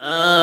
Uh.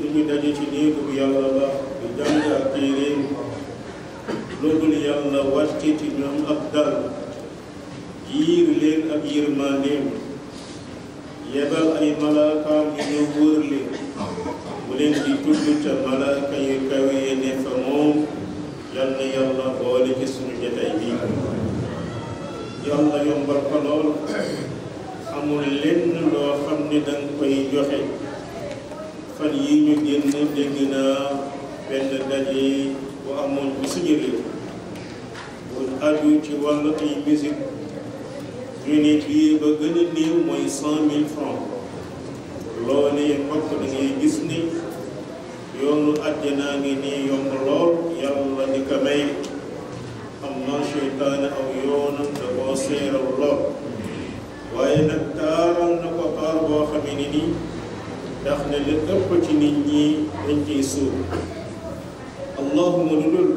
dumidani ci néegub yàlla ba di jàng ak téeréem loolu yàlla wàcce ci ñoom ab dal yiir leen ak yërmandeem yebal ay malaakaam yu ñu wër leen mu leen di tudd ca malaaka yu kawe yi ne fa moom yal na yàlla boole ci suñu jotaay bi yàlla yombal ko lool amul lenn loo xam ne danga koy joxe fan yi ñu génn dégg naa benn daje bu amoon bi suñu réew bu aju ci wàllu ay musique ñu ne bii ba gën a néew mooy cent mille francs loo ne bokk da gis ni yoonu àjjanaa ngi nii yomb lool yàlla di ko may am na seytaane aw yoonam da seeral lool waaye nag taaral na ko taar boo xamee ni nii ndax ne li ëpp ci nit ñi dañ ciy suur allahuma lu dul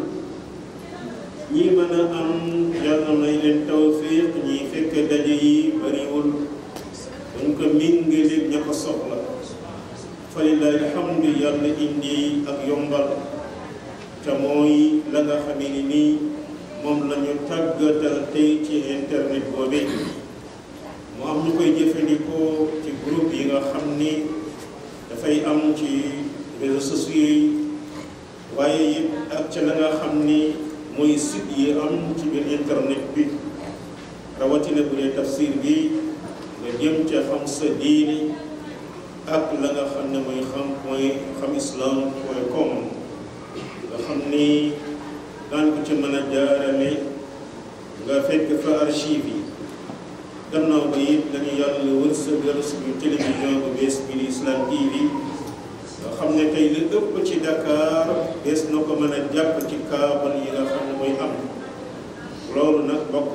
ñi mën a am yàlla may leen tawfiq ñi fekk daje yi bariwul dañ ko méngaleeg ña ko soxla fa lillahi alhamdu yàlla indi ak yombal te mooy la nga xam ne nii moom lañu ñu tey ci internet boobee mu am ñu koy jëfandikoo ci groupe yi nga xam ni dafay am ci réseaux sociaux yi waaye yëpp ak ca la nga xam ni mooy site yi am ci biir internet bi rawatina bu dee tafsir bi nga jëm ca xam sa diini ak la xam ne mooy xam point xam islam point com nga xam ni daan ko ca mën a jaarale nga fekk fa archive gannaaw ba it dañu yàlla wërsëgal suñu télévision bu bees bi di Islam TV xam ne tey li ëpp ci Dakar bees na ko mën a jàpp ci kaabal yi nga xam ne mooy am loolu nag bokk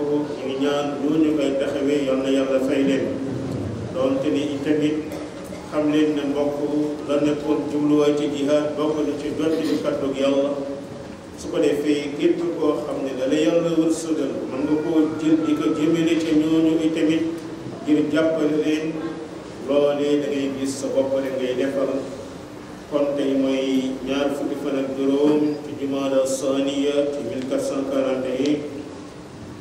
ñu ñaan ñooñu koy taxawee yal na yàlla fay leen doonte ni itamit xam leen ne mbokk la nekkoon jubluwaay ci jihaad bokk na ci jottali kàddu yàlla su ko defee képp koo xam ne da la yàlla wërsëgal mën nga koo jël di ko jëmale ca ñooñu itamit ngir jàppale leen loolee da ngay gis sa bopp rek ngay defal kon tey mooy ñaar fukki fan ak juróom ci jumaada saaniya ci 1441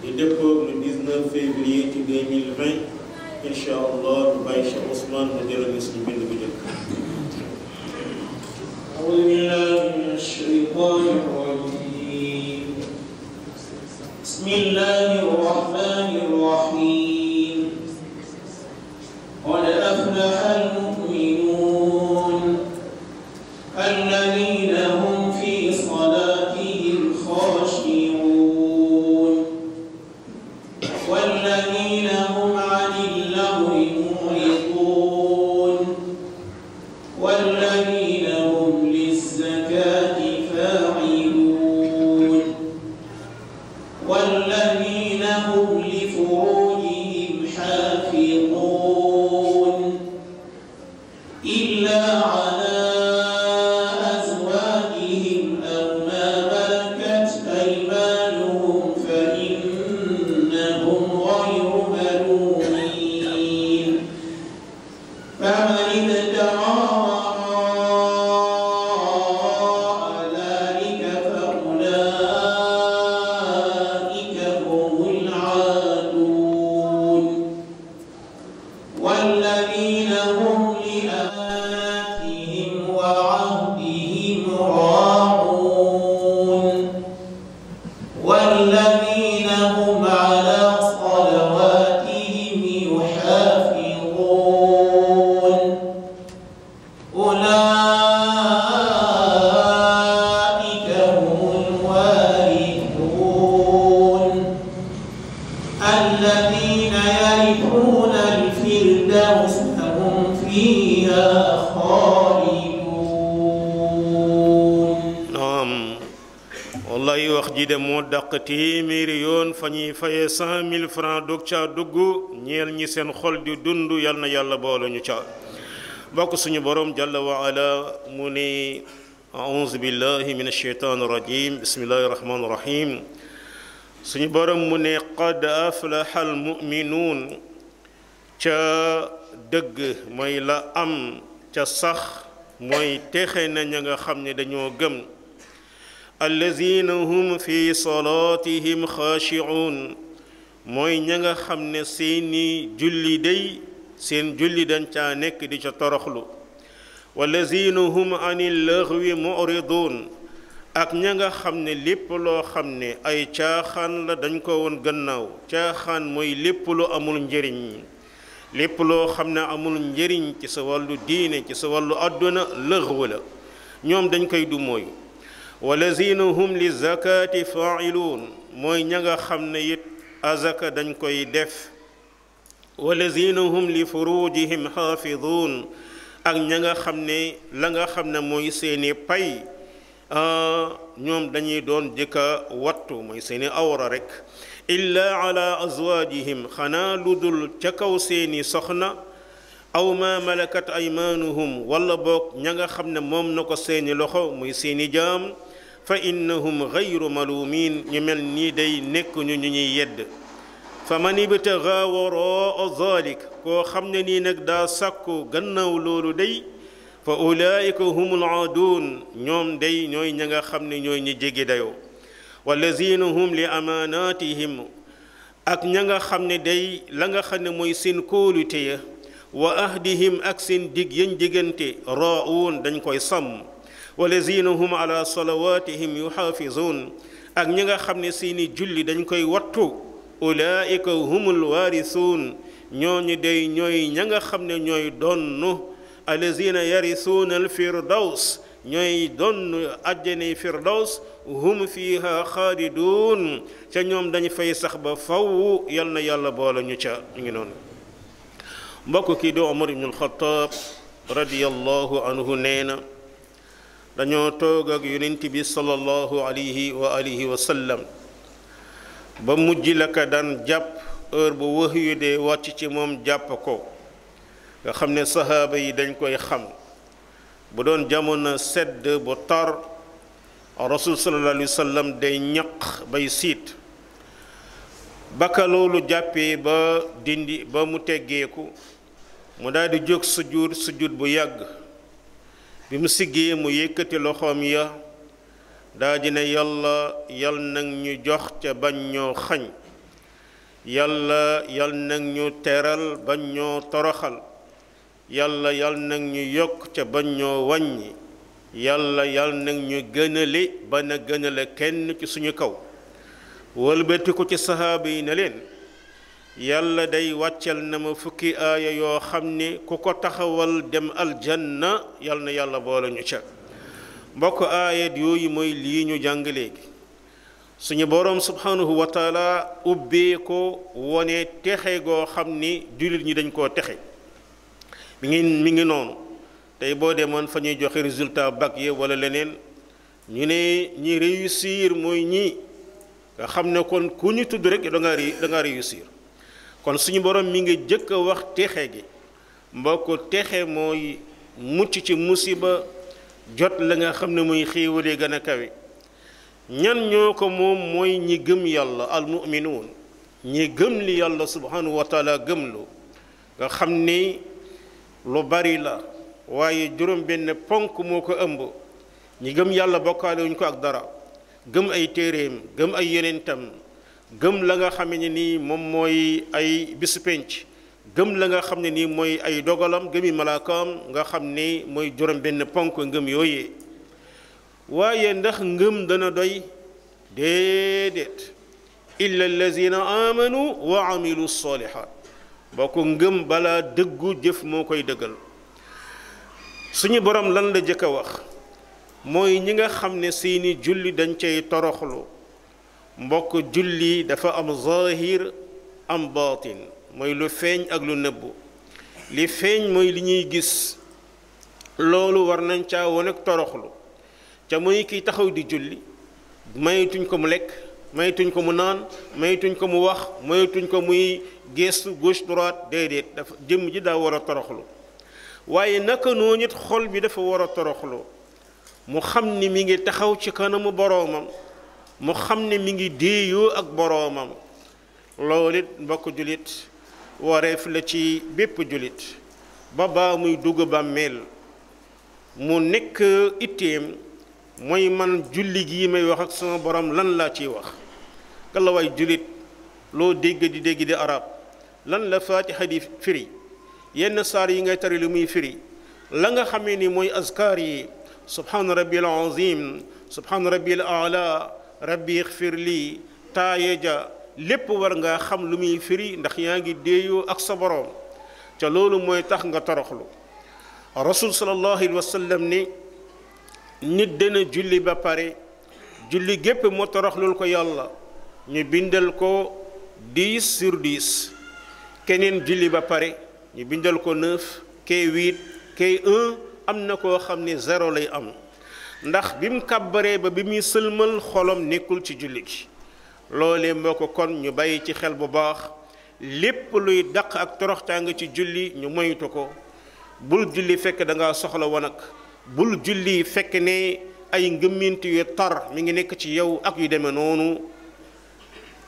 di dëppoog le 19 février ci 2020 incha allah ñu bàyyi Cheikh Ousmane mu jëlal suñu bind bu jëkk أعوذ بالله من الشيطان الرجيم بسم الله dog ca dugg ñeel ñi seen xol di dund yal na yàlla boole ñu ca bokk suñu borom jalla wa أعوذ بالله من الشيطان الرجيم بسم الله الرحمن الرحيم سني برم من قد أفلح المؤمنون تا دغ موي لا ام تا صخ موي تخي نا نيغا خامني دانيو گم الذين هم في صلاتهم خاشعون mooy ña nga xam ne seeni julli day seen julli dañ ca nekk di ca toroxlu wallazina hum anil laghwi mu'ridun ak ña nga xam ne lépp loo xam ne ay caaxaan la dañ ko woon gannaaw caaxaan mooy lépp lu amul njëriñ lépp loo xam ne amul njëriñ ci sa wàllu diine ci sa wàllu àdduna lëxwa la ñoom dañ koy du mooyu wallazina hum li zakati fa'iluun mooy ña nga xam ne it azaka dañ koy def walazina hum li furujihim xaafiduun ak ña nga xam ne la nga xam ne mooy seeni pay ñoom dañuy doon jëkka wattu mooy seeni awra rek illa ala azwaajihim xanaa lu dul ca kaw seeni soxna aw ma malakat aymaanuhum wala boog ña nga xam ne moom na ko seeni loxo muy seeni jaam فإنهم غير ملومين يملني دي نك نيني يد فمن يبتغى وراء ذلك كو خمنني نك دا ساكو غنو لولو دي فأولئك هم العادون نيوم دي نيوي نيغا خمني نيوي نيجي ديو والذين هم لأماناتهم أك نيغا خمني دي لنغا خمني موي سين كولو اكسن وأهدهم أكسين ديجين ديجنتي راؤون دنكوي صمّ walazina على ala salawatihim yuxaafizuun ak ñi nga xam ne seeni julli dañ koy wattu ulaika humul waarisuun ñooñu day ñoy ña nga xam ne ñooy donnu alazina yarisuuna alfirdaws ñooy donn àjjana firdaws hum fiha xaalidun ca ñoom dañu fay sax ba faw yalna yàlla boole ñu ca ñu ngi noonu mbokk kii di omar ibnu alxataab radiallahu anhu nee dañoo toog ak yonent bi sallallahu alayhi wa alihi wa sallam ba mujj la ko daan jàpp heure bu wax yu dee wàcc ci moom jàpp ko nga xam ne sahaaba yi dañ koy xam bu doon jamono sedd bu tar rasul sallallahu alayhi wa sallam day ñaq bay siit baka loolu jàppee ba dindi ba mu teggeeku mu daal di jóg sujud sujud bu yàgg bi mu siggee mu yëkkati loxoom ya daldi ne yàlla yal nag ñu jox ca bañ ñoo xañ yàlla yal nag ñu teral bañ ñoo toroxal yàlla yal nag ñu yokk ca bañ ñoo wàññi yàlla yal nag ñu gënale ba na gënale kenn ci suñu kaw wëlbatiku ci sahaaba yi ne leen yàlla day wàccal na ma fukki aaya yoo xam ne ku ko taxawal dem aljanna yàlla na yàlla boole ñu ca mbokk aayat yooyu mooy lii ñu jàng léegi suñu boroom subhanahu wa taala ko wone texe goo xam ni jullit ñi dañ koo texe mu ngi mi ngi noonu tey boo demoon fa ñuy joxe résultat bac yi wala leneen ñu ne ñi réussir mooy ñii nga xam ne kon ku ñu tudd rek da ngaa kon suñu borom mi ngi jëkk a wax texe gi mbokk texe mooy mucc ci musiba jot la nga xam ne muy xéewale gën a kawe ñan ñoo ko moom mooy ñi gëm yàlla woon ñi gëm li yàlla subhanahu wa taala gëmlu nga xam ni lu bari la waaye juróom benn ponk moo ko ëmb ñi gëm yàlla bokkaale ko ak dara gëm ay téeréem gëm ay yeneentam gëm la nga xam ne nii moom mooy ay bisu penc gëm la nga xam ne nii mooy ay dogalam gëmi malaakaam nga xam ni mooy juróom benn ponk ngëm yooyee waaye ndax ngëm dana doy déedéet illa allazina amanu wa amilu salihat boo ko ngëm balaa dëggu jëf moo koy dëggal suñu borom lan la jëkk a wax mooy ñi nga xam ne seeni julli dañ cay toroxlu mbokk julli dafa am zahir am baatin mooy lu feeñ ak lu nëbbu li feeñ mooy li ñuy gis loolu war nañ caa wane ak toroxlu ca muy kiy taxaw di julli mayetuñ ko mu lekk mayetuñ ko mu naan maytuñ ko mu wax maytuñ ko muy gestu gauche droite déedéet dafa jëmm ji daa war a toroxlu waaye naka noonu it xol bi dafa war a toroxlu mu xam ni mi ngi taxaw ci kanamu boroomam mu xam ne mi ngi déeyoo ak boroomam loolu mbokk julit wareef la ci bépp julit ba ba muy dugg mel mu nekk itteem mooy man julli gi may wax ak sama borom lan laa ciy wax kala way julit loo dégg di dégg di arab lan la fatiha di firi yenn saar yi ngay tari lu muy firi la nga xamee ni mooy askar yi subhaan rabbi al azim subhaan rabbi al rabbi xfir lii taaye ja lépp war nga xam lu muy firi ndax yaa ngi déeyoo ak sa boroom ca loolu mooy tax nga toroxlu rasul sallallahu alayhi wa sallam ni nit dana julli ba pare julli gépp mu toroxlul ko yàlla ñu bindal ko 10 sur 10 keneen julli ba pare ñu bindal ko 9 kee 8 kee 1 am na koo xam ne zéro lay am ndax bi mu kàbbaree ba bi muy sëlmal xolom nekkul ci julli yi loolee moo ko kon ñu bàyyi ci xel bu baax lépp luy daq ak torox toroxtaanga ci julli ñu moytu ko bul julli fekk danga soxla woon bul julli fekk ne ay ngëmmint yu tar mi ngi nekk ci yow ak yu deme noonu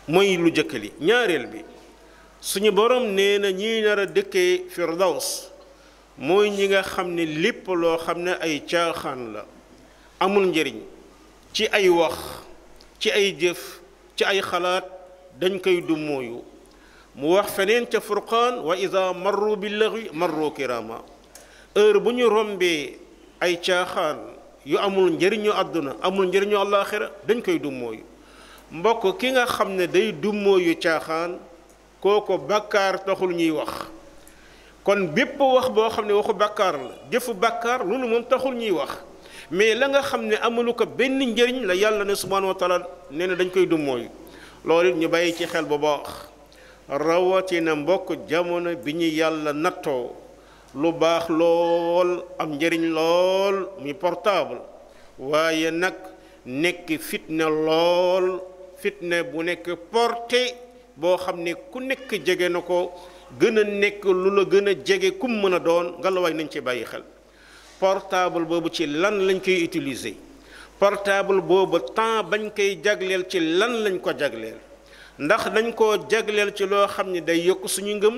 moy lu jëkk li ñaareel bi suñu borom nee na ñiy nar a dëkkee firdaws mooy ñi nga xam ni lépp loo xam ne ay caaxaan la amul njariñ ci ay wax ci ay jëf ci ay xalaat dañ koy dummóoyu mu wax feneen ca furqaan wa ida marru bi laxwi marru kirama heure bu ñu rombee ay caaxaan yu amul njëriñu àdduna amul njëriñu àllaaxira dañ koy dummóoyu mbokk ki nga xam ne day dummóoyu caaxaan kooko bàkkaar taxul ñuy wax kon bépp wax boo xam ne waxu bàkkaar la jëfu bàkkaar loolu moom taxul ñuy wax mais la nga xam ne amalu ko benn njëriñ la yàlla ne subhanahu wa nee na dañ koy dum lool loolu ñu bàyyi ci xel bu baax rawatina mbokk jamono bi ñu yàlla nattoo lu baax lool am njëriñ lool muy portable waaye nag nekk fitna lool fitna bu nekk porté boo xam ne ku nekk jege na ko gën a nekk lu la gën a jege kum mën a doon ngelawaay nañ ci bàyyi xel portable boobu ci lan lañ koy utiliser portable boobu temps bañ koy jagleel ci lan lañ ko jagleel ndax dañ koo jagleel ci loo xam ne day yokk suñu ngëm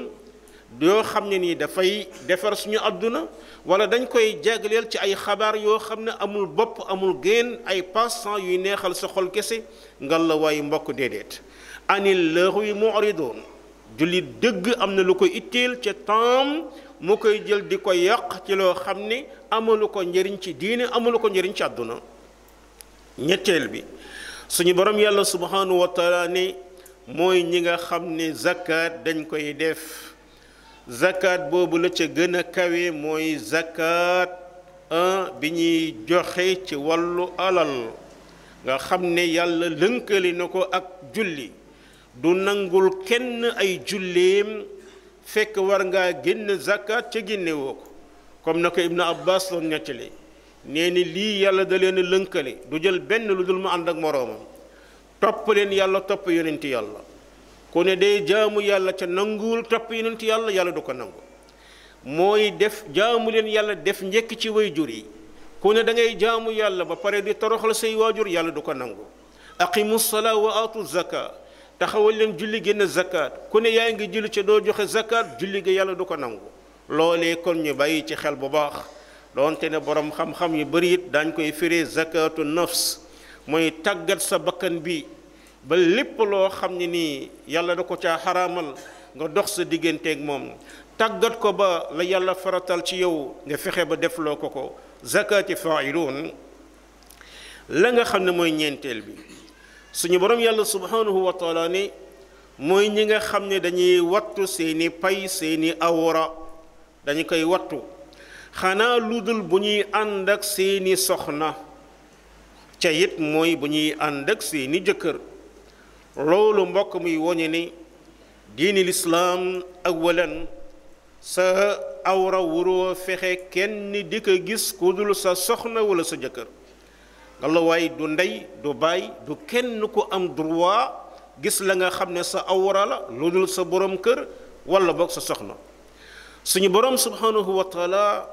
yoo xam ne nii dafay defar suñu àdduna wala dañ koy jagleel ci ay xabaar yoo xam ne amul bopp amul génn ay passant yuy neexal sa kese ngal la waaye mbokk déedéet anil laaxu yi mu'ridoon jullit dëgg am na lu ko itteel ca temps mu koy jël di ko yàq ci loo xam ne amalu ko njëriñ ci diine amalu ko njëriñ ci àdduna ñetteel bi suñu borom yàlla subhanahu wa taala mooy ñi nga xam ne zakat dañ koy def zakat boobu la ca gën kawe mooy zakat bi ñuy joxe ci wàllu alal nga xam ne yàlla lënkali na ko ak julli du nangul kenn ay julleem fekk war ngaa génn zakat ca génne woo ko comme na ko ibnu abbas doon ñettali nee ni lii yàlla da leen lënkale du jël benn lu dul ma ànd ak moroomam topp leen yàlla topp yonenti yàlla ku ne day jaamu yàlla ca nanguwul topp yonenti yàlla yàlla du ko nangu mooy def jaamu leen yàlla def njëkk ci way waajur yi ku ne da ngay jaamu yàlla ba pare di toroxal say waajur yàlla du ko nangu aqimu salaa wa aatu zaka taxawal leen julli génn zakat ku ne yaa ngi julli ci doo joxe zakat julli ga yàlla du ko nangu loolee kon ñu bàyyi ci xel bu baax doonte ne borom xam-xam yu bëri it dañ koy firee zakatu nafs mooy tàggat sa bakkan bi ba lépp loo xam ne nii yàlla da ko caa xaraamal nga dox sa digganteeg moom tàggat ko ba la yàlla faratal ci yow nga fexe ba defloo ko ko zakati fa'ilun la nga xam ne mooy ñeenteel bi suñu borom yàlla subhanahu wa taala ne mooy ñi nga xam ne dañuy wattu seeni pay seeni awra dañu koy wattu xanaa lu dul bu ñuy ànd ak seeni soxna ca it mooy bu ñuy ànd ak seeni jëkkër loolu mbokk muy woñe ni diini lislaam awalan sa awra wuroo fexe kenn di ko gis ku dul sa soxna wala sa jëkkër ngallaawaay du ndey du baay du kenn ku am droit gis la nga xam ne sa awra la lu dul sa borom kër walla boog sa soxna suñu borom subhanahu wa taala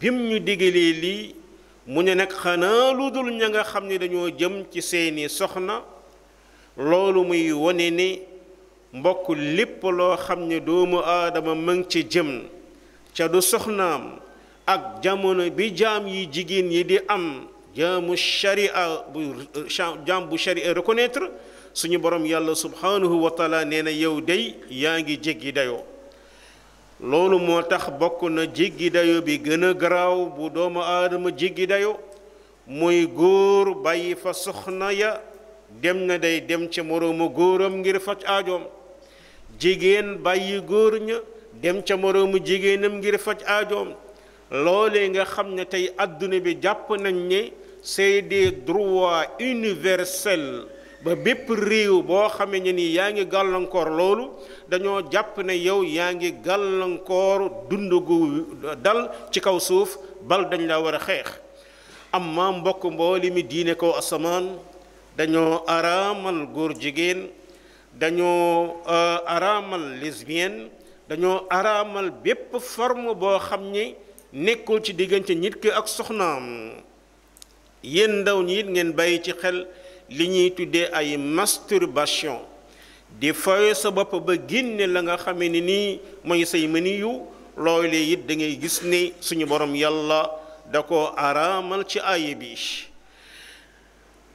bim ñu digalee lii mu ne nag xanaa lu dul ña nga xam ni dañoo jëm ci seeni soxna loolu muy wone ni mbokk lépp loo xam ne doomu aadama ma ci jëm ca du soxnaam ak jamono bi jaam yi jigéen yi di am jaamu sharia bu jaam bu sharia reconnaître suñu boroom yàlla subhanahu wa taala na yow day yaa ngi jéggi dayoo loolu moo tax bokk na jéggi dayoo bi gën a garaaw bu doomu aadama jéggi dayoo mooy góor bàyyi fa soxna ya dem na day dem ca moroomu góoram ngir faj aajoom jigéen bàyyi góor ña dem ca moroomu jigéenam ngir faj aajoom loole nga xam ne tey àdduna bi jàpp nañ ne c'est des droits universels ba bépp réew boo xamee ne ni yaa ngi gàllankoor loolu dañoo jàpp ne yow yaa ngi gàllankoor dund gu dal ci kaw suuf bal dañ la war a xeex ma mbokk mbooli mi diine ko asamaan dañoo araamal góor jigéen dañoo euh, araamal lesbienne dañoo araamal bépp forme boo xam ni nekkul ci diggante nit ki ak soxnaam yéen ndaw ñi it ngeen bàyyi ci xel li ñuy tuddee ay masturbation di foye sa bopp ba génne la nga xamee ni nii mooy say mëni yu loole it da gis ni suñu boroom yàlla da ko araamal ci aaya bi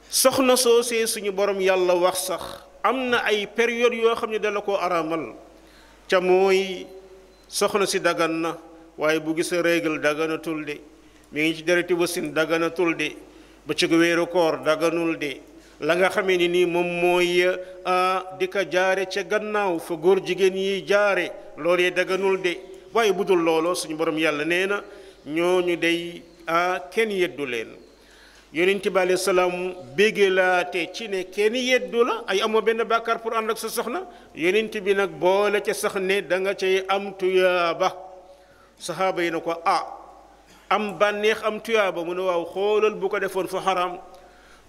soxna soosee suñu borom yàlla wax sax am na ay période yoo xam ne dala ko araamal ca mooy soxna si daggan na waaye bu gisa régal dagganatul de mu ngi ci dereti wasin dagganatul de ba ci weeru koor daganul de la nga xamee ni nii moom mooy di ko jaare ca gannaaw fa góor jigéen yi jaare loolee daganul de waaye bu dul looloo suñu borom yàlla nee na ñooñu day kenn yeddu leen yonent bi aleyhi salaam béggalaate ci ne kenn yeddu la ay amoo benn bàkkaar pour ànd ak sa soxna yonent bi nag boole ca sax ne da nga cay am tuyaaba saxaaba yi na ko ah am bànneex am tuyaaba mu ne waaw xoolal bu ko defoon fu xaram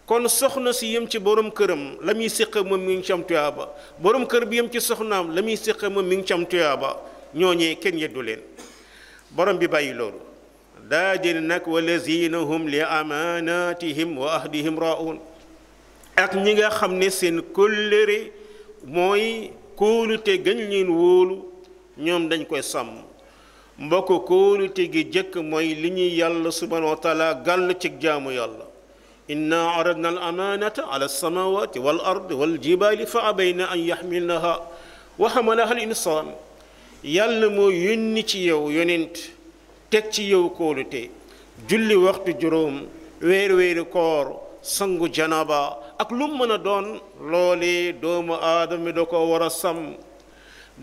kon soxna si yem ci borom këram la muy séq moom mi ngi ci am tuyaaba borom kër bi yem ci soxnaam la muy séq moom mi ngi ci am tuyaaba ñooñee kenn yeddu leen boroom bi bàyyi loolu daa jël nag walazina hum li amanatihim wa ahdihim raun ak ñi nga xam ne seen kóllëre mooy kóolute gën leen wóolu ñoom dañ koy sàmm mbokk kóolute gi jëkk mooy li ñuy yàlla subhanahu wa taala gàll ci jaamu yàlla inna aradna al amaanata ala alsamawati wal ardi wal fa abayna an yaxmilnaha wa xamalaha al insaan yàlla moo yónni ci yow yonent teg ci yow kóolute julli waxtu juróom weer weeri koor sangu janaba ak lu mën a doon loole doomu aadama da ko war a sàmm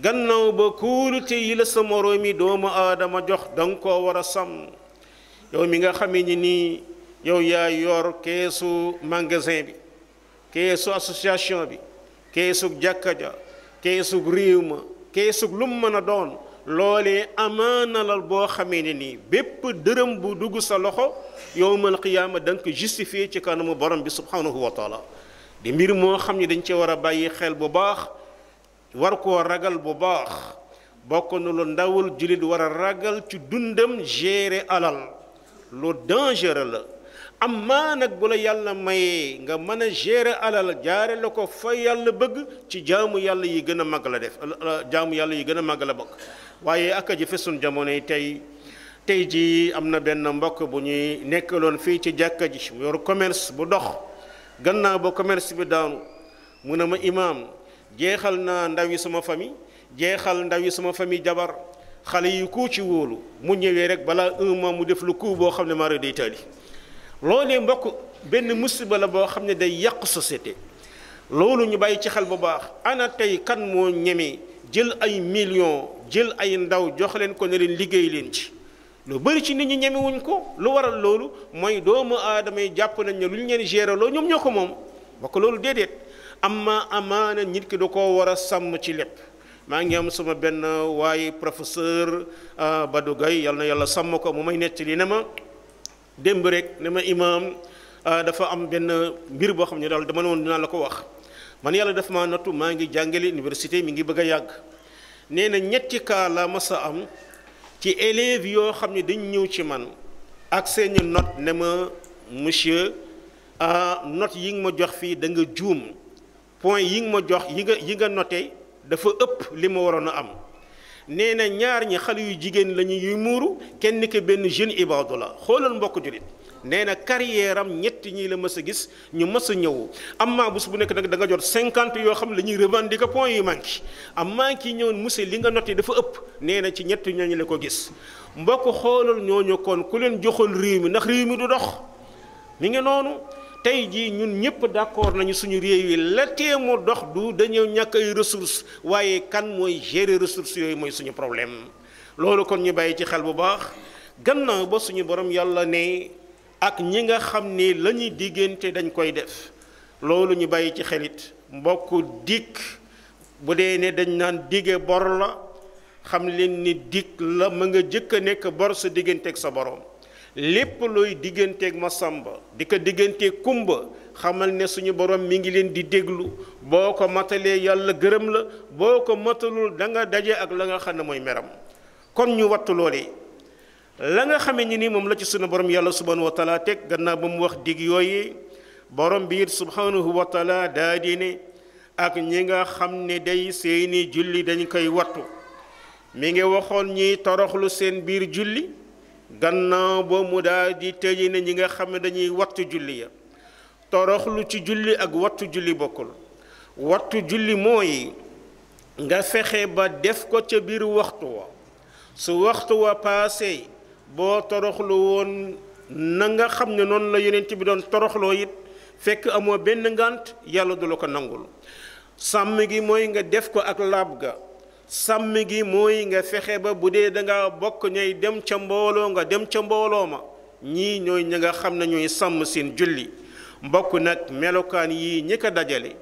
gannaaw ba kuulute yi la sa morom mi doomu aadama jox dang ko war a sam yow mi nga xamee ni nii yow yaa yor keesu magasin bi keesu association bi keesu jakkaja keesu réew ma keesu lu mu mën a doon loolee amaana la boo xamee ne nii bépp dërëm bu dugg sa loxo yow mën xiyaama dang ko justifier ci kanamu borom bi subhanahu wa taala di mbir moo xam ne dañ ci war a bàyyi xel bu baax war koo ragal bu baax bokk na lu ndawul jullit war a ragal ci dundam gérer alal lu dangereux la amma nag bu la yàlla mayee nga mën a gérer alal jaare la ko fa yàlla bëgg ci jaamu yàlla yi gën a mag la def jaamu yàlla yi gën a mag la bokk waaye ak ji fi sunu jamono yi tey tey jii am na benn mbokk bu ñuy loon fii ci jàkka ji yor commerce bu dox gannaaw ba commerce bi daanu mu ne ma imaam jeexal naa ndawi sama famille jeexal ndawi sama famille jabar xale yi ku ci wóolu mu ñëwee rek balaa un mu def lu ku boo xam ne mara day taali loolee mbokk benn musiba la boo xam ne day yàq société loolu ñu bàyyi ci xel bu baax ana tey kan moo ñemee jël ay millions jël ay ndaw jox leen ko ne leen liggéey leen ci lu bëri ci nit ñi ñemewuñ ko lu waral loolu mooy doomu aadama yi jàpp nañ ne lu ñu leen géré ñoom ñoo ko moom ba loolu déedéet amma amaana nit ki da ko war a sàmm ci lekk maa ngi am sama benn waaye professeur ah, Badou Gueye yal na yàlla sàmm ko mu may lii ne ma démb rek ne ma imaam ah, dafa am benn mbir boo xam ne daal dama ne woon dinaa la ko wax man yàlla dafa ma nattu maa ngi jàngale université mi ngi bëgg a yàgg nee na ñetti kaa la am ci élèves yoo xam ne dañ ñëw ci man ak seen note ne ma monsieur ah, note yi nga ma jox fii danga nga juum point yi nga ma jox yi nga yi nga noté dafa ëpp li ma waroon a am nee na ñaar ñi xale yu jigéen lañu yuy muuru kenn ki benn jeune ibaadu la xoolal mbokk jullit nee na carrière am ñett ñii la mës a gis ñu mësa a ñëw amaa bés bu nekk nag da nga jot cinquante yoo xam la ñuy revendiquer point yu manqué amaa ki ñëwoon monsieur li nga noté dafa ëpp nee na ci ñett ñooñu la ko gis mbokk xoolal ñoo ñëkkoon ku leen joxoon réew mi ndax réew mi du dox mi ngi noonu. tey jii ñun ñëpp d' nañu suñu réew yi la téemu dox du dañoo ñàkk ay ressource waaye kan mooy gérer ressource yooyu mooy suñu problème loolu kon ñu bàyyi ci xel bu baax gannaaw ba suñu borom yàlla ne ak ñi nga xam ne la ñuy diggante dañ koy def loolu ñu bàyyi ci xelit mbokk dikk bu dee ne dañ naan digge bor la xam leen ni dikk la ma nga jëkk a nekk bor sa diggante ak sa borom lépp luy ma Masamba di ko digganteeg Kumba xamal ne suñu boroom mi ngi leen di déglu boo ko matalee yàlla gërëm la boo ko matalul danga nga daje ak la nga xam ne mooy meram kon ñu wattu loolee la nga xamee ni ni moom la ci suñu borom yàlla subhanahu wa taala teg gannaaw ba mu wax dig yooyu boroom biir it subhanahu wa taala ak ñi nga xam ne day seeni julli dañ koy wattu mi ngi waxoon ñiy toroxlu seen biir julli gannaaw ba mu daal di tëji ne ñi nga xam ne dañuy wattu julli ya toroxlu ci julli ak wattu julli bokkul wattu julli mooy nga fexe ba def ko ca biir waxtu wa su waxtu wa paase boo toroxlu woon na nga xam ne noonu la yonent bi doon toroxloo it fekk amoo benn ngant yàlla du la ko nangul sàmm gi mooy nga def ko ak laab ga sàmm gi mooy nga fexe ba bu dee da nga bokk ñooy dem ca mbooloo nga dem ca mbooloo ma ñii ñooy ñi nga xam ne ñooy sàmm seen julli mbokk nag melokaan yi ñi ko dajale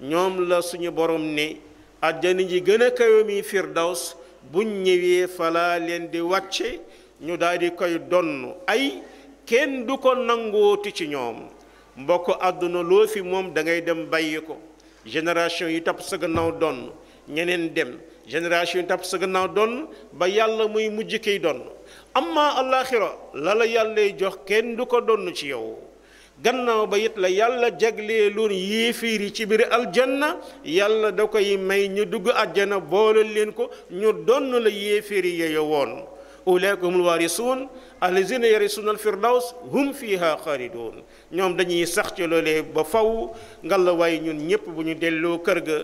ñoom la suñu borom ne àjjana ji gën a kawe mi firdaws buñ ñëwee falaa leen di wàcce ñu daal koy donn ay kenn du ko nangooti ci ñoom mbokk àdduna loo fi moom da ngay dem bàyyi ko génération yi topp sa gannaaw donn ñeneen dem génération yi tàpp sa gannaaw donn ba yàlla muy mujj kiy donn amma alaaxira la la yàlla jox kenn du ko donn ci yow gannaaw ba it la yàlla jaglee loon yéefiir yi ci biir aljanna yàlla da koy may ñu dugg àjjana boole leen ko ñu donn la yéefiir yi yeyo woon ulaaika humul waarisuun allazina yarisuna alfirdaws hum fiha xaalidun ñoom dañuy sax ci loolee ba faw ngalla waaye ñun ñépp bu ñu delloo kër ga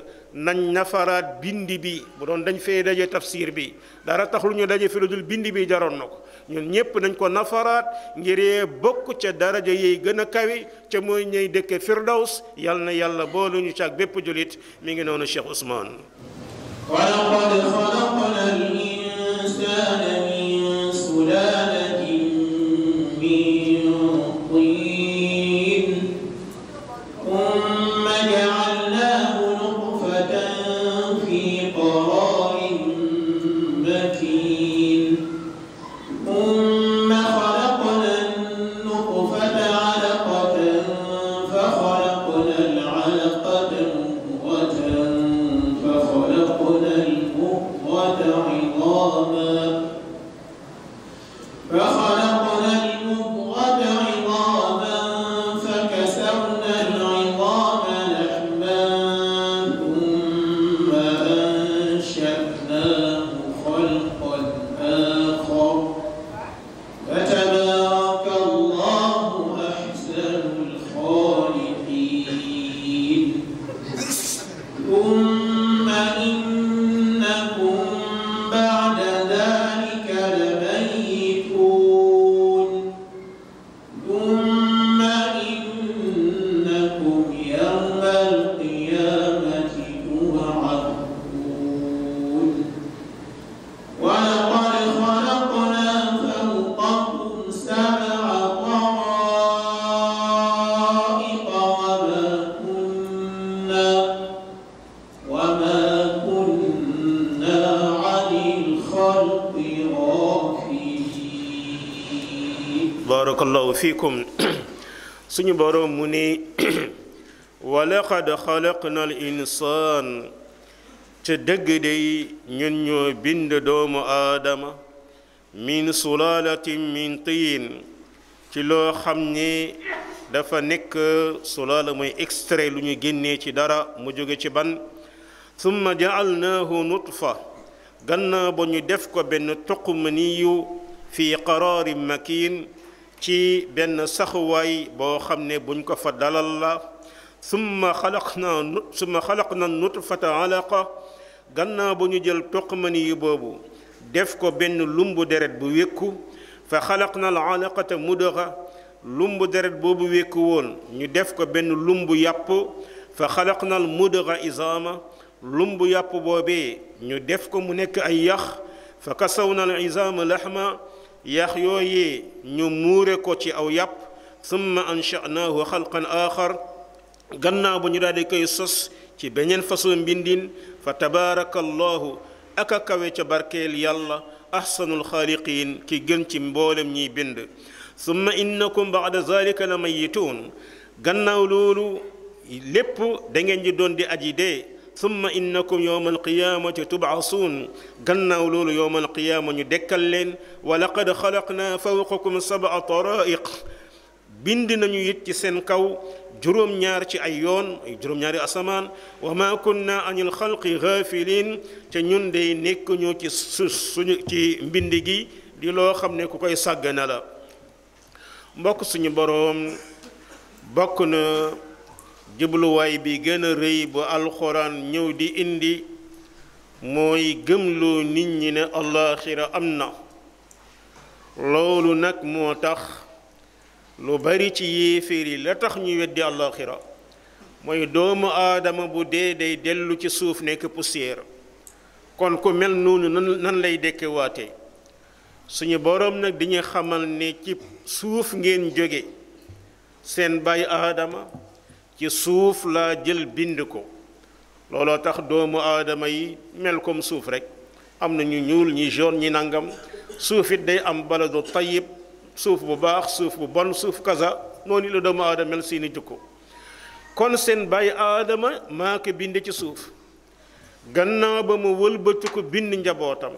nañ nafaraat bindi bi bu doon dañ fee daje tafsir bi dara tax lu ñu daje fi lu dul bindi bi jaroon na ko ñoon ñépp nañ ko nafaraat ngir yee bokk ca daraja yey gën a kawi ca mooy ñey dëkke firdaws yal na yàlla boolu ñu caag bépp julit mi ngi noonu Cheikh Ousmane barakallahu fikum suñu boro mu ni walaqad xalaqna al insan ca dëgg day ñun ñoo bind doomu aadama min sulalatin min tin ci loo xam ni dafa nekk sulala muy extrait lu ñu génnee ci dara mu jóge ci ban summa jaalnahu nutfa gannaaw ba ñu def ko benn tuqumaniyu fi qaraarin makiin ci benn saxuwaay boo xam ne buñ ko fa dalal la summa xalaqna summa xalaqna nutfata alaqa gannaaw ba ñu jël tuqumaniyu boobu def ko benn lumbu deret bu wékku fa xalaqna al alaqata mudaxa lumbu deret boobu wékku woon ñu def ko benn lumbu yàpp fa xalaqna al mudaxa isaama lumbu yàpp boobee ñu def ko mu nekk ay yax fa kasawna al izama lahma yax yooyee ñu muure ko ci aw yàpp summa ansha'nahu xalqan axar gannaaw ba ñu daal di koy sos ci beneen façon mbindin fa tabaraka allahu aka kawe ca barkeel yàlla ahsanul xaaliqiin ki gën ci mboolem ñiy bind summa innakum baada zalika la gannaaw loolu lépp da ngeen di doon di aji dee thumma innakum yawma alqiyamati tub'asun gannaaw loolu yawma alqiyama ñu dekkal leen wa laqad xalaqna fawqakum sab'a tara'iq bind nañu it ci seen kaw juróom ñaar ci ay yoon ay juróom ñaari asamaan wa ma kunna anil xalqi ghafilin te ñun day nekk ñu ci suñu ci mbind gi di loo xam ne ku koy sàggana la mbokk suñu boroom bokk na jubluwaay bi gën a rëy ba alxuraan ñëw di indi mooy gëmloo nit ñi ne allaaxira am na loolu nag moo tax lu bari ci yéeféer yi la tax ñu weddi allaaxira mooy doomu aadama bu dee day dellu ci suuf nekk poussière kon ko mel noonu nan nan lay dekkewaate suñu boroom nag diñu xamal ne ci suuf ngeen jóge seen baay aadama ci suuf laa jël bind ko looloo tax doomu aadama yi mel comme suuf rekk am na ñu ñuul ñi jaune ñi nangam suuf it day am baladu tayyib suuf bu baax suuf bu bon suuf kaza noonu la doomu aadama mel seeni jukko kon seen bàyyi aadama maa bind ci suuf gannaaw ba mu wëlbati ko bind njabootam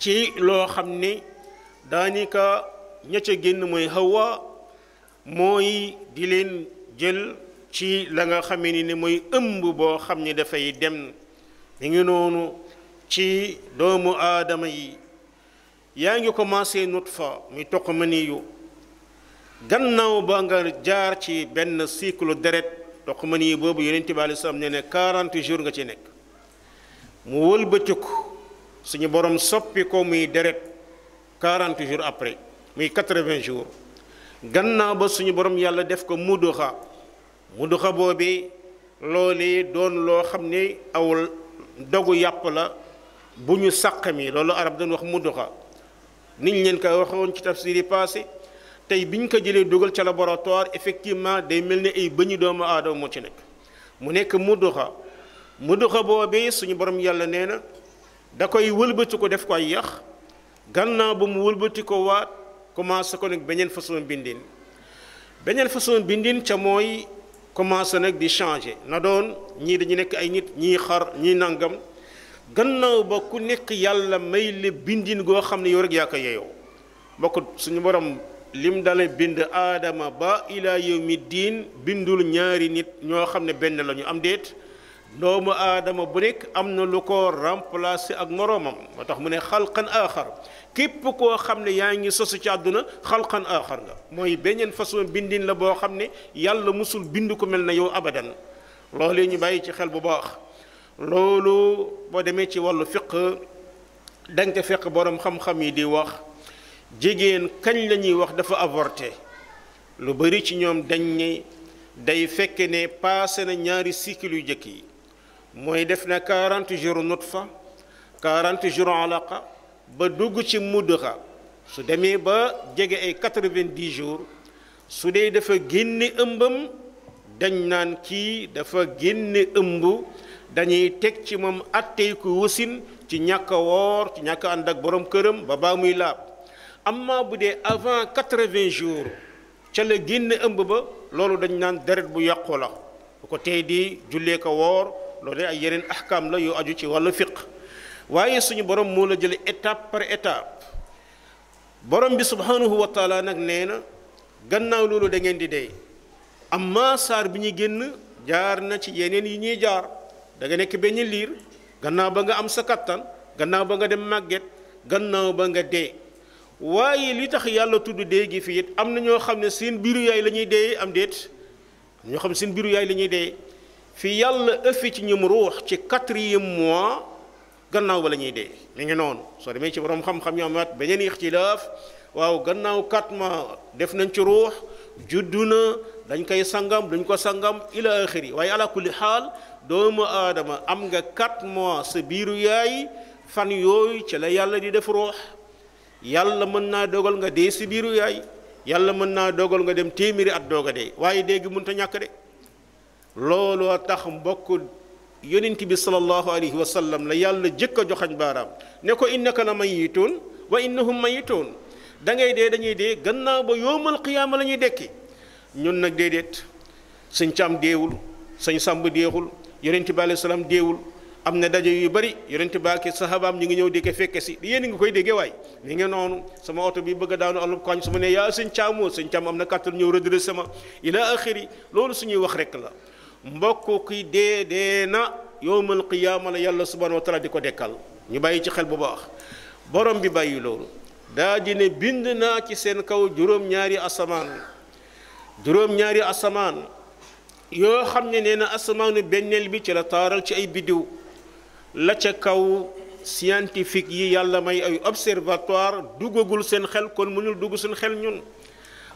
ci loo xam ni daanaka ña ca génn mooy Hawa mooy di leen jël ci la nga xamee ni ni mooy ëmb boo xam ni dafay dem mi ngi noonu ci doomu aadama yi yaa ngi commencé nutfa muy toq maniyu gannaaw ba nga jaar ci benn cycle deret toq maniyu boobu yonent bi aleyhi salaam ne ne 40 jours nga ci nekk mu wëlbatiku suñu borom soppi ko muy deret 40 jours après muy 80 jours gannaaw ba suñu borom yàlla def ko muduxa wudu xaboo bi loolu doon loo xam ne awul dogu yàpp la bu ñu sàqami loolu arab doon wax mudduxa niñ leen koy waxoon ci tafsir yi passé tey bi ñu ko jëlee dugal ca laboratoire effectivement day mel ni ay bëñ doomu aadama moo ci nekk mu nekk mudduxa mudduxa boobee suñu borom yàlla nee na da koy wëlbati ko def ko ay yax gannaaw ba mu wëlbati ko waat commencé ko nag beneen façon bindin beneen façon bindin ca mooy commencé nag di changer na doon ñi dañu nek ay nit ñi xar ñi nangam gannaaw ba ku nek yàlla may le bindin go xam ne yow rek yaa ko yeyoo mbokk suñu borom lim dalay bind adama ba ila yawmi diin bindul ñaari nit ño xamne ben lañu am déet doomu adama bu nek amna lu ko remplacer ak moromam motax mu ne khalqan akhar képp koo xam ne yaa ngi sosu ci àdduna xalqan aaxar nga mooy beneen façon bindin la boo xam ne yàlla mosul bind ko mel na yow abadan loolu ñu bàyyi ci xel bu baax loolu boo demee ci wàllu fiq dañ ko fekk boroom xam-xam yi di wax jigéen kañ la ñuy wax dafa avorté lu bari ci ñoom dañ ne day fekk ne passé na ñaari cycle yu jëkk yi mooy def na 40 jours nutfa 40 jours alaqa ba dugg ci mudduxa su demee ba jege ay quatre-vingt-dix jours su dee dafa génne ëmbam dañ naan kii dafa génne ëmb dañuy teg ci moom attey ku wasin ci ñàkk woor ci ñàkk ànd ak borom këram ba baa muy laab amma bu dee avant quatre vingt jours ca la génne ëmb ba loolu dañ naan deret bu yàqu la bu ko tey di jullee ko woor loolu ay yeneen ahkaam la yu aju ci walla fiq waaye suñu borom moo la jële étape par étape borom bi subhanahu wa nag nee na gannaaw loolu dangeen ngeen di dee amma saar bi ñuy génn jaar na ci yeneen yi ñuy jaar danga nekk benn liir gannaaw ba nga am sa kattan gannaaw ba nga dem màgget gannaaw ba nga dee waaye li tax yàlla tudd dee gi fii it am na ñoo xam ne seen biiru yaay la ñuy dee am déet ñoo xam seen biiru yaay lañuy ñuy dee fii yàlla ëffi ci ñoom ruux ci quatrième mois gannaaw ba la ñuy dee mi ngi noonu soo demee ci borom xam-xam ñoom at beneen ixtilaaf waaw gannaaw kat ma def nañ ci ruux juddu na dañ koy sangam duñ ko sangam ila axiri waaye ala kulli xaal doomu aadama am nga quatre mois sa biiru yaay fan yooyu ci la yàlla di def ruux yàlla mën naa dogal nga dee si biiru yaay yàlla mën naa dogal nga dem téeméeri at doog dee waaye dégg mënut ñàkk de looloo tax mbokk. yonent bi sallallahu alayhi wa sallam la yàlla jëkk a joxañ baaraam ne ko innaka la mayitun wa innahum mayitun da ngay dee dañuy dee gannaaw ba yowmal qiyaama la ñuy dekki ñun nag déedéet sëñ Caam deewul sëñ Sàmb deexul yonent bi alayhi salaam deewul am na daje yu bari yonent ba ak saxaabaam ñu ngi ñëw déggee fekke si yéen a ngi koy déggee waay mi ngi noonu sama oto bi bëgg a daanu alub koñ su ma ne yaa sëñ Caamoo sëñ Caam am na kàttan ñëw redressé sama ila axiri loolu suñuy wax rek la mbokk ki dee dee na yowmal qiyaama la yàlla subhaanahu wa taala di ko dekkal ñu bàyyi ci xel bu baax borom bi bàyyi loolu daa di ne bind naa ci seen kaw juróom-ñaari asamaan juróom-ñaari asamaan yoo xam ne nee na asamaanu benneel bi ci la taaral ci ay biddiw la ca kaw scientifique yi yàlla may ay observatoire duggagul seen xel kon mënul dugg seen xel ñun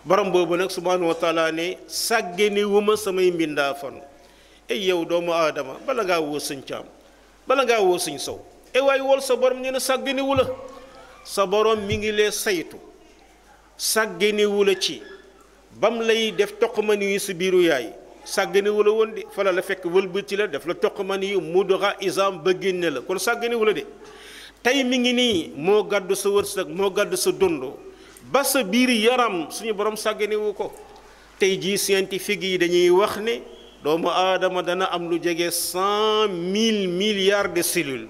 borom boobu nag subhaanahu wa taala ne sàggane ma samay mbindaa fan ey yow doomu aadama bala ngaa woo sëñ caam bala ngaa woo sëñ sow ey waaye wol sa borom nee na sàggane wu la sa borom mi ngi lee saytu sàggane wu la ci bam lay def toqamani yi si biiru yaay sàggane wu la woon de fala la fekk wëlbati la def la toqamani yi mudra isam ba génne la kon sàggane wu la de tey mi ngi nii moo gàdd sa wërsëg moo gàdd sa dund ba sa biir yaram suñu borom sàggane ko tey jii scientifique yi dañuy wax ne doomu aadama dana am lu jege cent mille milliards de cellules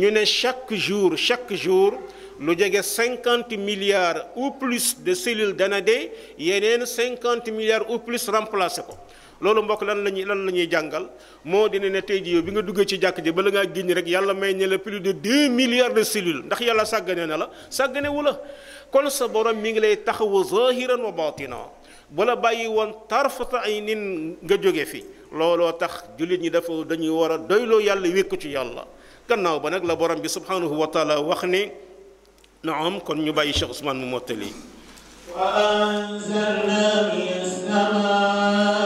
ñu ne chaque jour chaque jour lu jege 50 milliards ou plus de cellules dana de yeneen 50 milliards ou plus remplacer ko loolu mbokk lan lañuy lan lañuy jàngal moo dina ne tey jii yow bi nga duggee ci jàkk ji bala ngaa génn rek yàlla may ne la plus de 2 milliards de cellules ndax yàlla sàggane na la sàggane wu la kon sa borom mi ngi lay taxawu zahiran wa batina bu la bàyyi woon tarfata ay nin nga jóge fi looloo tax jullit ñi dafa dañuy war a doyloo yàlla wékku ci yàlla gannaaw ba nag la borom bi subhanahu wa taala wax ni naam kon ñu bàyyi Cheikh Ousmane mu mottali wa anzalna min samaa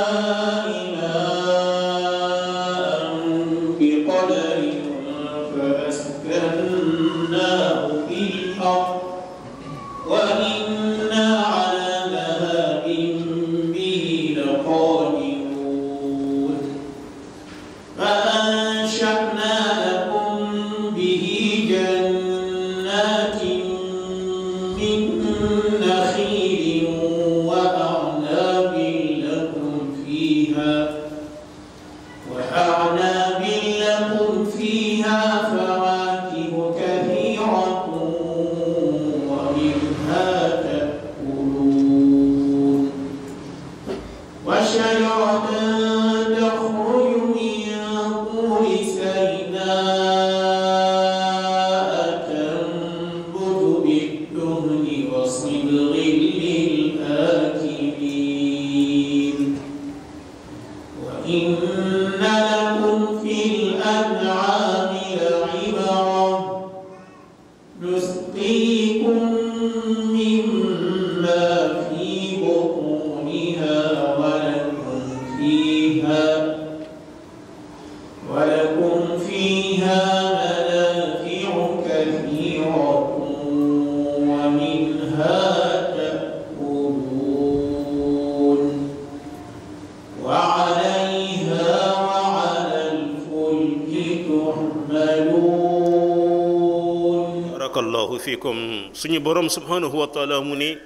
بكم سني بروم سبحانه وتعالى موني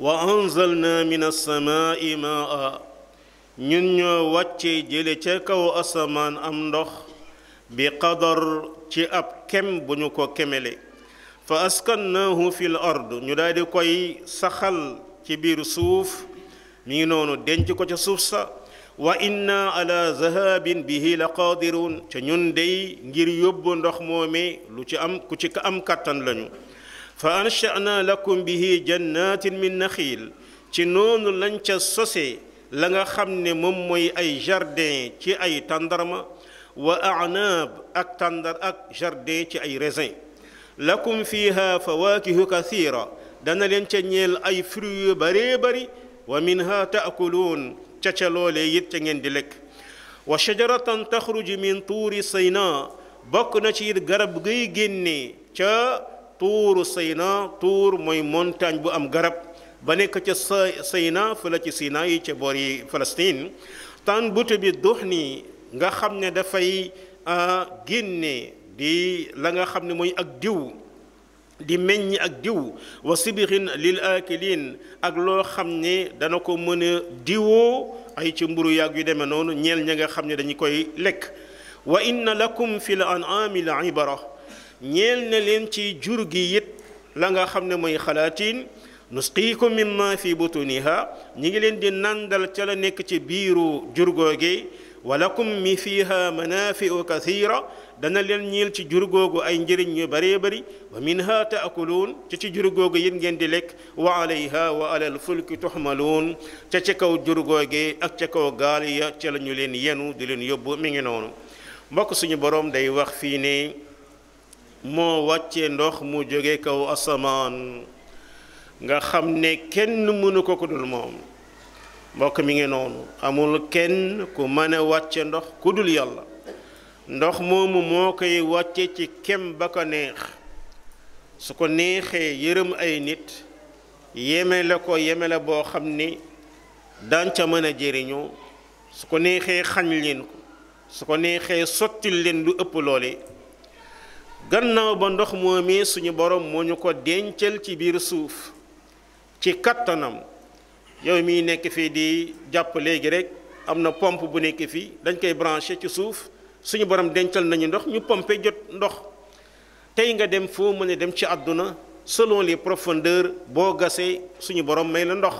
وأنزلنا من السماء ماء ننو واتي جيلي تيكو أسمان أمدخ بقدر تي أب كم بنوكو كملي فأسكنناه في الأرض نداي دي كوي سخل تي بير سوف مينونو دينتي كو تي سوف سا وإنا على ذهاب به لقادرون تي نون دي نجير يوب ندخ مومي لو تي أم كو تي كأم كتن لنو فأنشأنا لكم به جنات من نخيل تنون لنجا سوسي لنجا خمن ممي أي جردين تي أي تندرما وأعناب أك تندر أك جردين تي أي رزين لكم فيها فواكه كثيرة دانا لنجا نيل أي فريو بري بري ومنها تأكلون تشلو ليت تنين دلك وشجرة تخرج من طور سيناء بقنا تشير غرب غي جني tuuru sayna tuur mooy montagne bu am garab ba nekk ca sayna fa la ci sina yi ca boor yi Palestine tan bute bi dox nii nga xam ne dafay génne di la nga xam ne mooy ak diw di meññ ak diw wa sibirin lil akilin ak loo xam ne dana ko mën a diwoo ay ci mburu yàgg yu demee noonu ñeel ña nga xam ne dañu koy lekk wa inna lakum fi l an'ami la ibara ñeel na leen ci jur gi it la nga xam ne mooy xalaatiin nusqiikum mimma fi butuniha ñu ngi leen di nandal ca la nekk ci biiru jurgoogi wa lakum mi fiha manafiu kathira dana leen ñiil ci jurgoogu ay njëriñ yu bëree bëri wa minha taakuluun ca ci jurgoogu yit ngeen di lekk wa alayha wa alal fulki tuxmaluun ca ca kaw jurgoogi ak ca kaw gaal ya ca la leen yenu di leen yóbbu mi ngi noonu mbokk suñu boroom day wax fii ne moo wàccee ndox mu jóge kaw asamaan nga xam ne kenn mënu ko ko dul moom mbokk mi ngi noonu amul kenn ku mën a wàcce ndox ku dul yàlla ndox moomu moo koy wàcce ci kem ba ko neex su ko neexee yërëm ay nit yeme ko yeme boo xam ni daan ca mën a jëriñoo su ko neexee xañ leen ko su ko neexee sottil leen lu ëpp loole gannaaw ba ndox moo moomee suñu borom moo ñu ko dencal ci biir suuf ci kattanam yow miy nekk fii di jàpp léegi rek am na pompe bu nekk fii dañ koy branché ci suuf suñu borom dencal nañu ndox ñu pompe jot ndox tey nga dem foo mën a dem ci àdduna selon les profondeurs boo gasee suñu borom may la ndox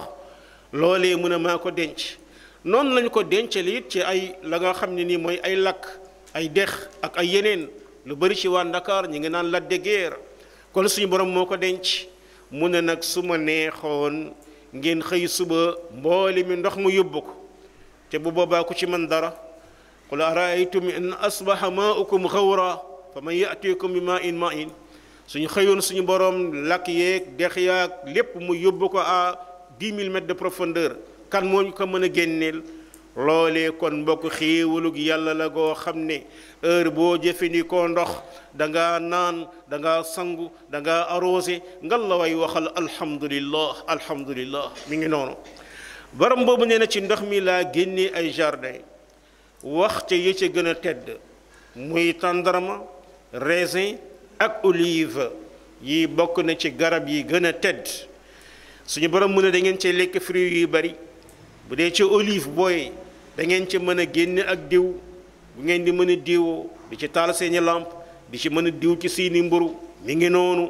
loolee mën a maa ko denc noonu lañu ko dencal it ci ay la nga xam ne nii mooy ay lakk ay dex ak ay yeneen lu bëri ci waa Ndakaar ñi ngi naan Lac de kon suñu borom moo ko denc mu ne nag su ma neexoon ngeen xëy suba mboole mi ndox mu yóbbu ko te bu boobaaku ci man dara qul araaytum in asbaha maaukum xawra fa man yaatikum bi maa in maa in suñu xëyoon suñu borom lakk yeeg dex yaag lépp mu yóbbu ko à 10 000 mètres de profondeur kan moo ñu ko mën a génneel loole kon mbokk xéewalug yàlla la goo xam ne heure boo jëfandikoo ndox danga naan danga sangu danga arrosé ngal la way waxal alhamdulillah alhamdulillah mi ngi noonu baram boobu nee ci ndox mi laa génnee ay jardin wax ca yi gën a tedd muy tàndarma raisin ak olive yi bokk na ci garab yi gën a tëdd suñu borom mu ne da ngeen cee lekk frie yu bari bu dee ci olive booy da ngeen ci mën a génne ak diw bu ngeen di mën a diwoo di ci taal seeni làmp di ci mën a diw ci siini mburu mi ngi noonu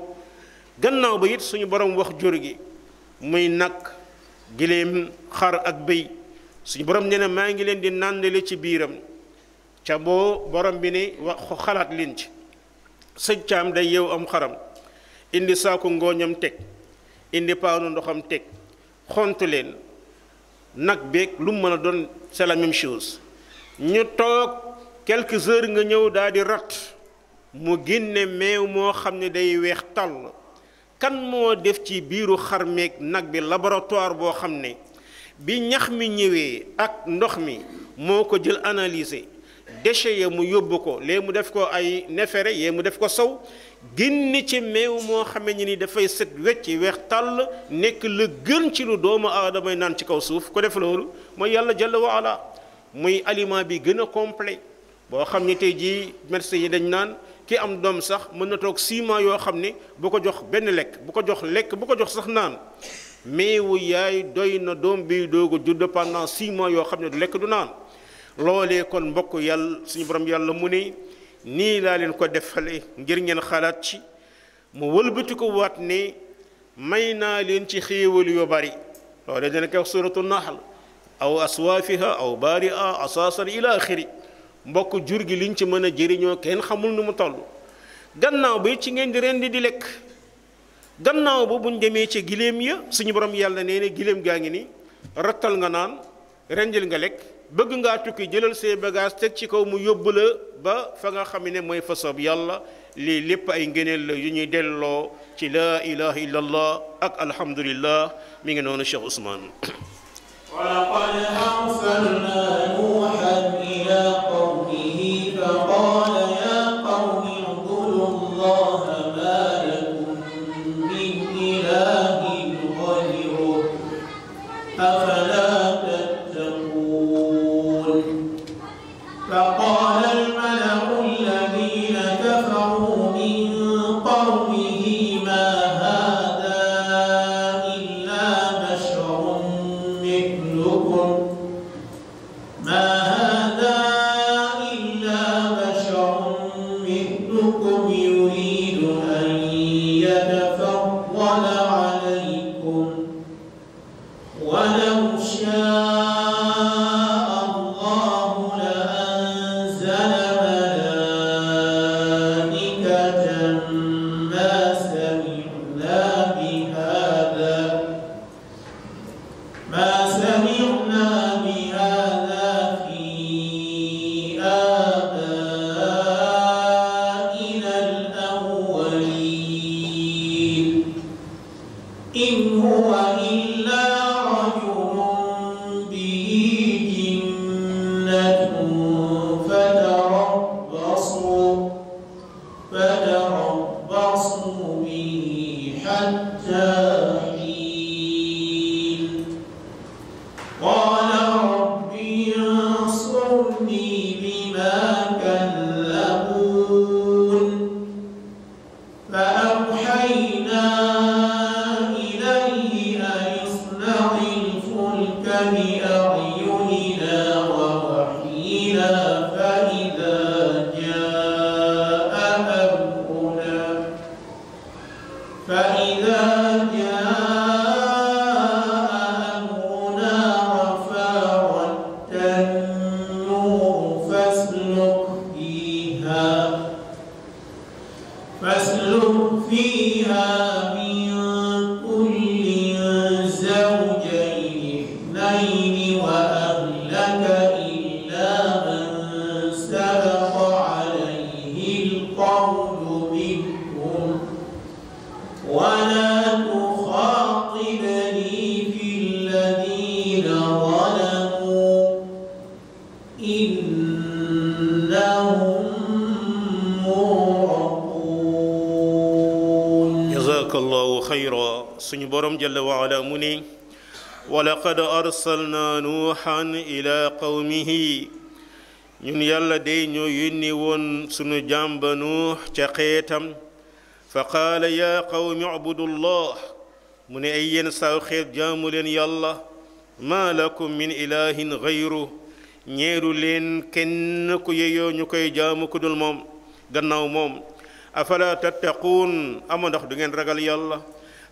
gannaaw ba it suñu boroom wax jur gi muy nag giléem xar ak béy suñu borom nee maa ngi leen di nàndale ci biiram ca boo borom bi ne wax xalaat leen ci sëj caam day yeew am xaram indi saaku ngooñam teg indi paanu ndoxam teg xont leen nag beeg lu mën a doon c'est la chose ñu toog quelques heures nga ñëw daal di rat mu génne meew moo xam ne day weex tàll kan moo def ci biiru xar meeg nag bi laboratoire boo xam ne bi ñax mi ñëwee ak ndox mi moo ko jël analyser déchets ya mu yóbbu ko lee mu def ko ay nefere yee mu def ko sow génn ci meew moo xamee ni dafay set wecc weex tàll nekk la gën ci lu doomu aadamay naan ci kaw suuf ko def loolu mooy yàlla jalla wa ala muy aliment bi gën a complet boo xam ni tey jii médecin yi dañ naan ki am doom sax mën na toog 6 yoo xam ne bu ko jox benn lekk bu ko jox lekk bu ko jox sax naan meewu yaay doy na doom bi doog a judd pendant yoo xam ne du lekk du naan loolee kon mbokk yàlla suñu boroom yàlla mu ne nii laa leen ko defale ngir ngeen xalaat ci mu wëlbati ko waat ne may naa leen ci xéewal yu bari loolee dana koy wax suratu naxal aw aswaafiha aw baari a asaasan ila mbokk jur gi liñ ci mën a jëriñoo kenn xamul nu mu toll gannaaw bi ci ngeen di rendi di lekk gannaaw ba buñ demee ci giléem ya suñu borom yàlla nee ne giléem gaa ngi nii rattal nga naan rendil nga lekk bëgg nga tukki jëlal say bagage tek ci kaw mu yóbbu la ba fa nga xamné moy mooy fa soob yàlla li lépp ay ngeenel la yu ñuy dello ci la ilaha illallah ak alhamdulillah mi ngi nonu Cheikh Ousmane hamsalna muhammad ila qawmihi fa qala ولقد أرسلنا نوحا إلى قومه ñun yàlla day ñoo yónni woon sunu jàmba nuux ca xeetam fa qaala yaa qawmi ubudu llah mu ne ay yéen saw xeet jaamu leen yàlla maa lakum min ilahin gayru ñeeru leen kenn ku yeyoo ñu koy jaamu ku dul moom gannaaw moom afala tattaquun ama ndax du ngeen ragal yàlla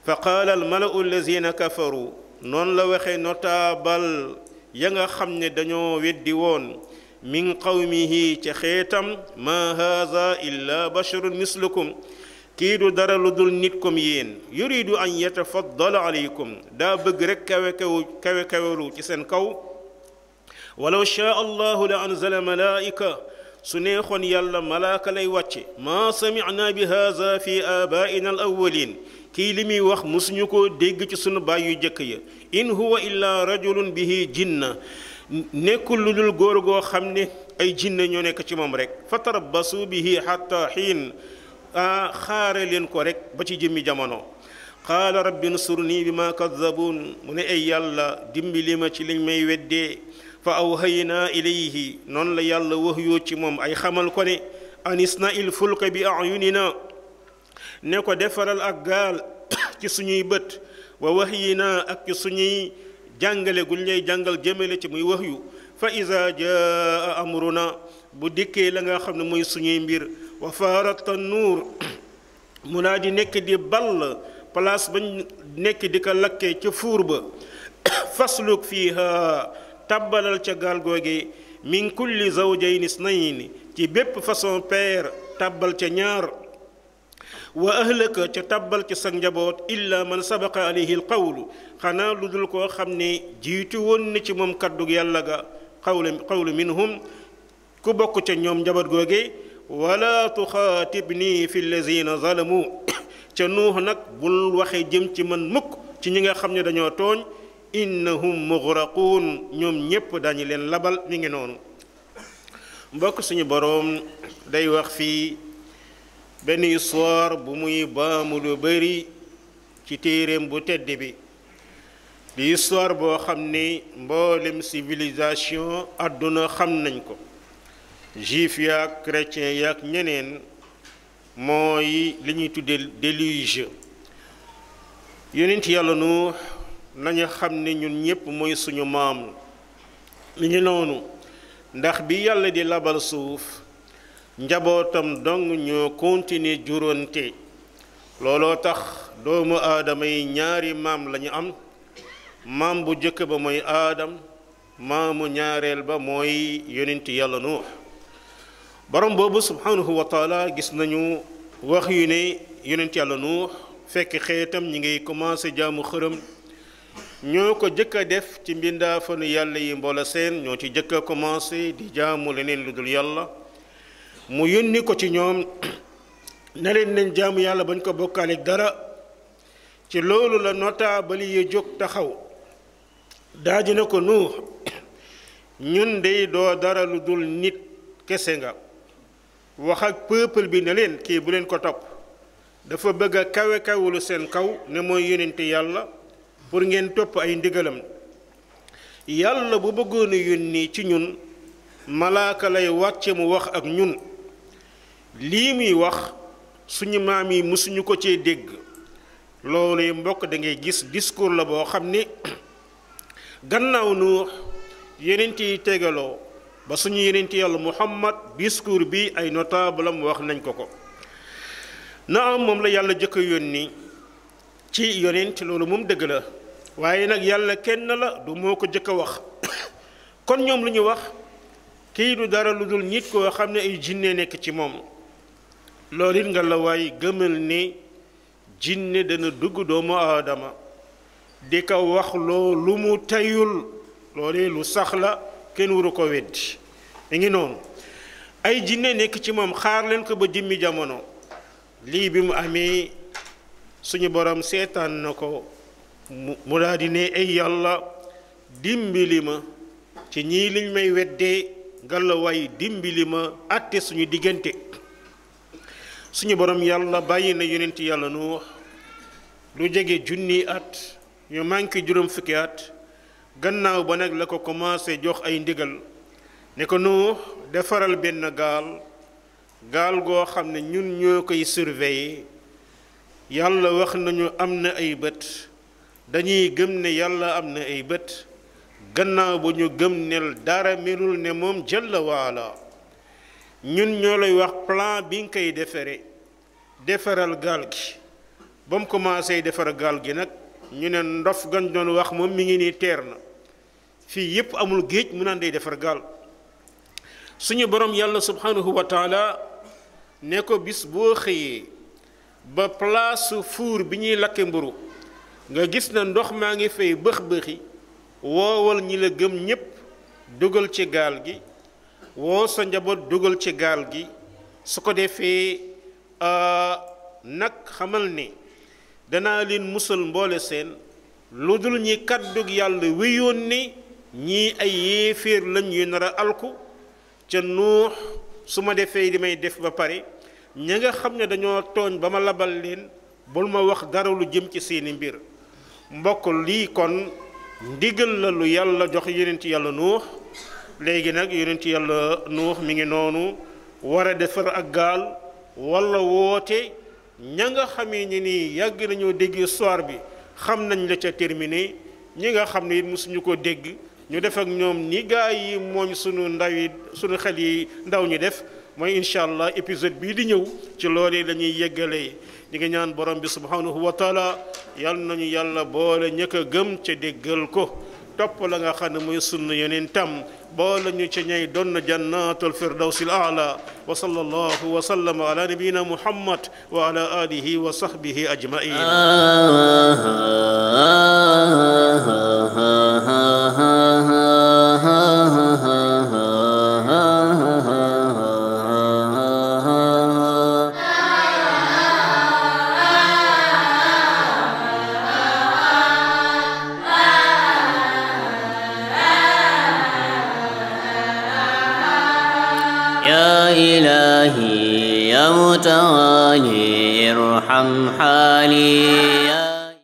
fa qaala almalau allazina kafaru non la waxee notaabal ya nga xamne ne dañoo weddi won min qawmihi ca xetam ma haza illa basharun mislukum kii du dara lu dul nit comme yéen yuridu an yatafaddala alaykum da beug rek kawe kawe kawe lu ci sen kaw walaw shaa allah la anzala malaika su neexoon yàlla malaaka lay wàcce ma sami'na bi haza fi abaina al awalin kii li muy wax mosuñu ko dégg ci sunu baay yu jëkk ya in huwa illa rajulun bihi jinna nekkul lu dul góor goo xam ne ay jinne ñoo nekk ci moom rek fatarabbasu bihi xatta xiin a xaare leen ko rek ba ci jëmmi jamono qaala rabbi nsurni bi ma kaddabuun mu ne ay yàlla dimbali ma ci liñ may weddee fa awhaynaa ilayhi noonu la yàlla waxyoo ci moom ay xamal ko ne anis na il fulka bi ayunina ne ko defaral ak gaal ci suñuy bët wa wax yi naa ak ci suñuy jàngale guñ jàngal jëmale ci muy wax yu fa iza jaa amruna bu dikkee la nga xam ne muy suñuy mbir wa faarata nuur mu naa di nekk di ball place bañ nekk di ko lakkee ca fuur ba fii fiiha tàbbalal ca gaal googe min kulli zawjayni isnayni ci bépp façon paire tàbbal ca ñaar wa ahlaka ca tàbbal ci sa njaboot illa man sabaqa alayhi alqawlu xanaa lu dul koo xam ne jiitu woon na ci moom kaddug yàlla ga qawlu qawlu minhum ku bokk ca ñoom njaboot googe wala tuxaatibnii fi llazina zalamu ca nuux nag bul waxee jëm ci man mukk ci ñi nga xam ne dañoo tooñ innahum muxraquun ñoom ñépp dañu leen labal mi ngi noonu mbokk suñu boroom day wax fii benn histoire bu muy baamu lu bari ci téereem bu tedd bi di histoire boo xam ni mboolem civilisation àdduna xam nañ ko juif yaak chrétien yaak ñeneen mooy li ñuy tudde déluge yonent yàlla nu nañu xam ni ñun ñépp mooy suñu maam ndax bi yàlla di labal suuf njabootam dong ñoo continuer juróonte looloo tax doomu aadama yi ñaari maam lañu am maam bu jëkk ba mooy aadam maamu ñaareel ba mooy yonent yàlla nuux borom boobu subhanahu wa gis nañu wax yu ne yonent yàlla nuux fekk xeetam ñi ngay commencé jaamu xërëm ñoo ko jëkk a def ci mbindaafanu yàlla yi mboola seen ñoo ci jëkk a commencé di jaamu leneen lu dul yàlla mu yónni ko ci ñoom ne leen nañ jaamu yàlla bañ ko bokkaaleeg dara ci loolu la notaabali yi jóg taxaw daaji na ko nuux ñun dey doo dara lu dul nit kese nga wax ak peuple bi ne leen kii bu leen ko topp dafa bëgg a kawe kawulu seen kaw ne mooy yónnente yàlla pour ngeen topp ay ndigalam yàlla bu bëggoon a yónni ci ñun malaaka lay wàcce mu wax ak ñun lii muy wax suñu maam yi mësuñu ko cee dégg loolu mbokk dangay ngay gis discours la boo xam ne gannaaw nuux yeneent yi tegaloo ba suñu yeneent yàlla muhammad discours bi ay notable am wax nañ ko ko na am moom la yàlla jëkk yónni ci yonent loolu moom dëgg la waaye nag yàlla kenn la du moo ko jëkk wax kon ñoom lu ñu wax kii du dara lu dul nit koo xam ne ay jinne nekk ci moom loolu it nga la waay ne jinne dana dugg doomu aadama di ko wax loo lu mu tayul loole lu sax la kenn waru ko wedd mi ngi noonu ay jinne nekk ci moom xaar leen ko ba jimmi jamono lii bi mu amee suñu borom seetaan na ko mu daal di ne ay yàlla dimbali ma ci ñii liñ may weddee ngalla waay dimbali ma àtte suñu diggante suñu borom yàlla bàyyi na yonent yàlla nuux lu jege junni at ñu manqué juróom fukki at gannaaw ba nag la ko commencé jox ay ndigal ne ko nuux defaral benn gaal gaal goo xam ne ñun ñoo koy surveiller yàlla wax nañu am na ay bët dañuy gëm ne yàlla am na ay bët gannaaw ba ñu gëm ne dara melul ne moom la waala ñun ñoo lay wax plan bi nga koy defaree defaral gaal gi ba mu commencé defar gaal gi nag ñu ne ndof gan doon wax moom mi ngi nii teer na fii yépp amul géej mu naan day defar gaal suñu borom yàlla subhanahu wa taala ne ko bis boo xëyee ba place fuur bi ñuy lakke mburu nga gis na ndox maa ngi fay bëx-bëxi woowal ñi la gëm ñépp dugal ci gaal gi woo sa njaboot dugal ci gaal gi su ko defee euh, nag xamal ne danaa leen musal mboole seen lu dul ñi kàddug yàlla wéyoon ne ñii ay yéeféer lañ yu nar a alku ca nuux su ma defee li may def ba pare ña nga xam ne dañoo tooñ ba ma labal leen bul ma wax dara lu jëm ci seeni mbir mbokk lii kon ndigal la lu yàlla jox yeneen ci yàlla nuux léegi nag yonent yàlla nuux mi ngi noonu war a defar ak gaal walla woote ña nga xamee ñi ni yàgg nañoo dégg histoire bi xam nañ la ca terminé ñi nga xam ne it mosuñu ko dégg ñu def ak ñoom ni gaa yi mooñ sunu ndaw yi sunu xel yi ndaw ñi def mooy incha allah épisode bii di ñëw ci lool yi lañuy yeggalee di nga ñaan borom bi subhanahu wa taala yal nañu yàlla boole ñëkk a gëm ca déggal ko topp la nga xam ne mooy sunu yeneen tàmm boole ñu ci ñay doon jannatul firdawsi al a'la wa sallallahu wa sallama ala nabiyyina muhammad wa ala alihi wa sahbihi ajma'in ah, ah, ah, موتاي ارحم حالي يا